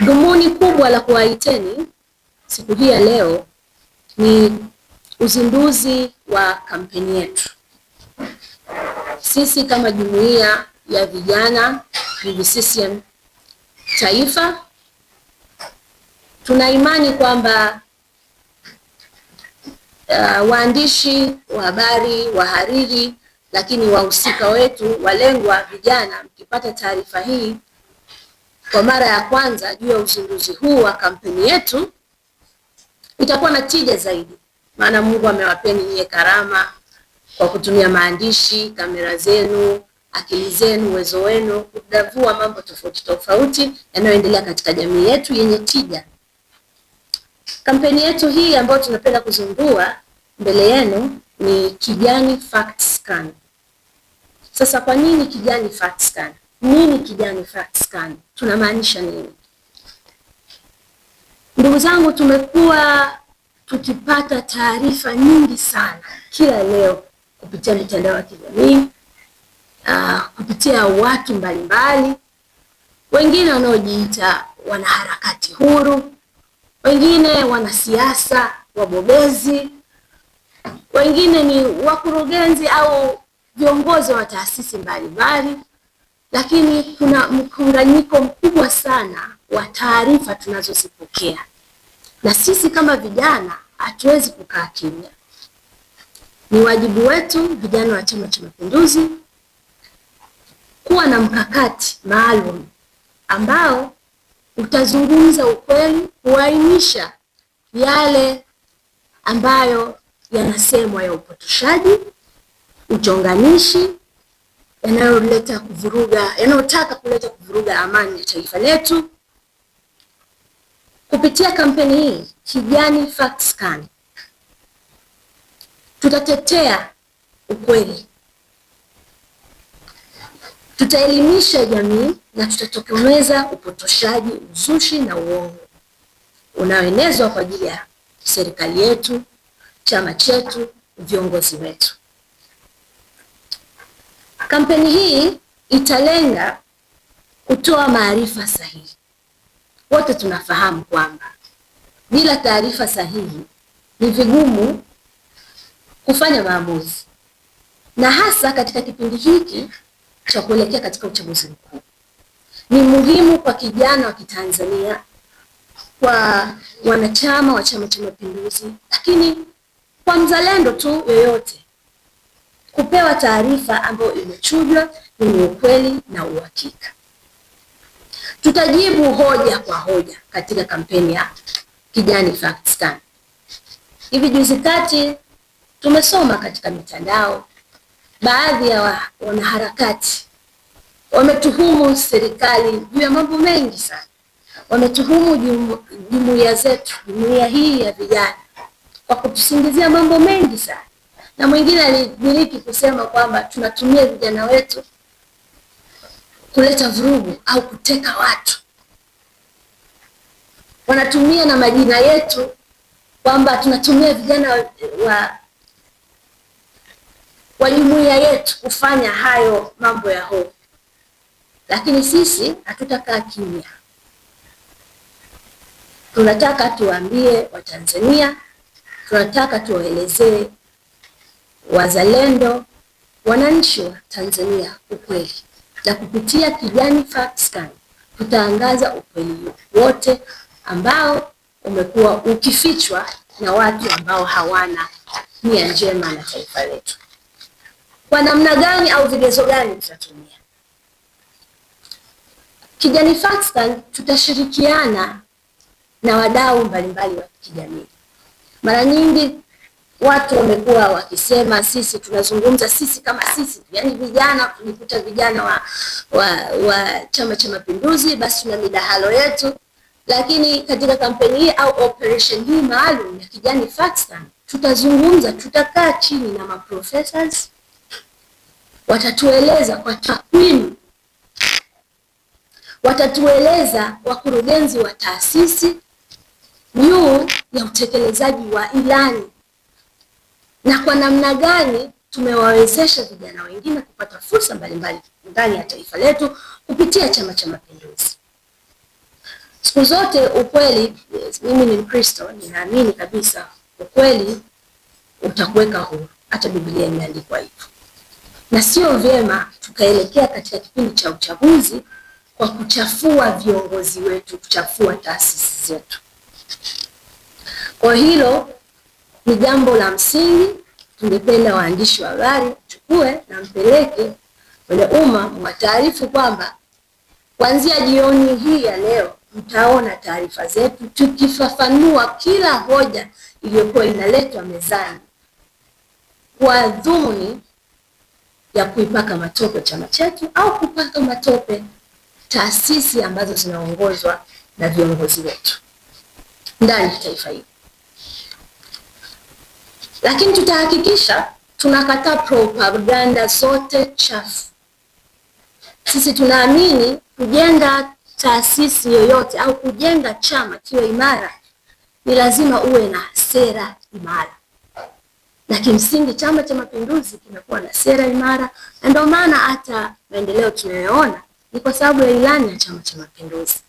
Dhumuni kubwa la kuwaiteni siku hii ya leo ni uzinduzi wa kampeni yetu. Sisi kama jumuiya ya vijana UVCCM taifa tuna imani kwamba uh, waandishi wa habari, wahariri, lakini wahusika wetu walengwa vijana, mkipata taarifa hii kwa mara ya kwanza juu ya uzinduzi huu wa kampeni yetu, itakuwa na tija zaidi, maana Mungu amewapeni nyie karama kwa kutumia maandishi, kamera zenu, akili zenu, uwezo wenu kudavua mambo tofauti tofauti yanayoendelea katika jamii yetu yenye tija. Kampeni yetu hii ambayo tunapenda kuzindua mbele yenu ni Kijani Fact Scan. Sasa kwa nini Kijani Fact Scan? Nini kijani scan? Tunamaanisha nini? Ndugu zangu, tumekuwa tukipata taarifa nyingi sana kila leo kupitia mitandao ya kijamii uh, kupitia watu mbalimbali, wengine wanaojiita wanaharakati huru, wengine wanasiasa wabobezi, wengine ni wakurugenzi au viongozi wa taasisi mbalimbali lakini kuna mkanganyiko mkubwa sana wa taarifa tunazozipokea, na sisi kama vijana hatuwezi kukaa kimya. Ni wajibu wetu vijana wa Chama cha Mapinduzi kuwa na mkakati maalum ambao utazungumza ukweli, kuainisha yale ambayo yanasemwa ya upotoshaji, uchonganishi yanayoleta kuvuruga, yanayotaka kuleta kuvuruga amani ya taifa letu. Kupitia kampeni hii Kijani Fact Scan tutatetea ukweli, tutaelimisha jamii na tutatokomeza upotoshaji, uzushi na uongo unaoenezwa kwa ajili ya serikali yetu, chama chetu, viongozi wetu. Kampeni hii italenga kutoa maarifa sahihi. Wote tunafahamu kwamba bila taarifa sahihi ni vigumu kufanya maamuzi, na hasa katika kipindi hiki cha kuelekea katika uchaguzi mkuu. Ni muhimu kwa kijana wa Kitanzania, kwa wanachama wa Chama cha Mapinduzi, lakini kwa mzalendo tu yoyote kupewa taarifa ambayo imechujwa yenye ukweli na uhakika. Tutajibu hoja kwa hoja katika kampeni ya Kijani Facts Hivi juzi kati tumesoma katika mitandao, baadhi ya wanaharakati wametuhumu serikali juu ya mambo mengi sana. Wametuhumu jumuiya zetu, jumuiya hii ya vijana, kwa kutusingizia mambo mengi sana na mwingine alidiriki kusema kwamba tunatumia vijana wetu kuleta vurugu au kuteka watu, wanatumia na majina yetu kwamba tunatumia vijana wa wa jumuiya yetu kufanya hayo mambo ya hofu, lakini sisi hatutakaa kimya. Tunataka tuwaambie Watanzania, tunataka tuwaelezee wazalendo, wananchi wa Tanzania ukweli, na kupitia Kijani Factscan tutaangaza ukweli wote ambao umekuwa ukifichwa na watu ambao hawana nia njema na taifa letu. Kwa namna gani au vigezo gani tutatumia? Kijani Factscan tutashirikiana na wadau mbalimbali wa kijamii. Mara nyingi watu wamekuwa wakisema sisi tunazungumza sisi kama sisi, yani vijana tulikuta vijana wa, wa, wa Chama cha Mapinduzi, basi tuna midahalo yetu, lakini katika kampeni hii au operation hii maalum ya Kijani Pakistan tutazungumza, tutakaa chini na maprofessors, watatueleza kwa takwimu, watatueleza wakurugenzi wa taasisi juu ya utekelezaji wa ilani na kwa namna gani tumewawezesha vijana wengine kupata fursa mbalimbali ndani ya taifa letu kupitia Chama cha Mapinduzi. Siku zote ukweli, mimi ni Mkristo, ninaamini kabisa ukweli utakuweka huru. Hata Biblia imeandikwa hivyo, na sio vyema tukaelekea katika kipindi cha uchaguzi kwa kuchafua viongozi wetu, kuchafua taasisi zetu. Kwa hilo ni jambo la msingi. Tungependa waandishi wa habari chukue na mpeleke kwenye umma, mwataarifu kwamba kuanzia jioni hii ya leo mtaona taarifa zetu tukifafanua kila hoja iliyokuwa inaletwa mezani kwa dhumuni ya kuipaka matope chama chetu au kupaka matope taasisi ambazo zinaongozwa na viongozi wetu ndani ya taifa hili lakini tutahakikisha tunakataa propaganda zote chafu. Sisi tunaamini kujenga taasisi yoyote au kujenga chama kiwe imara ni lazima uwe na sera imara, na kimsingi Chama cha Mapinduzi kimekuwa na sera imara, na ndio maana hata maendeleo tunayoona ni kwa sababu ya ilani ya Chama cha Mapinduzi.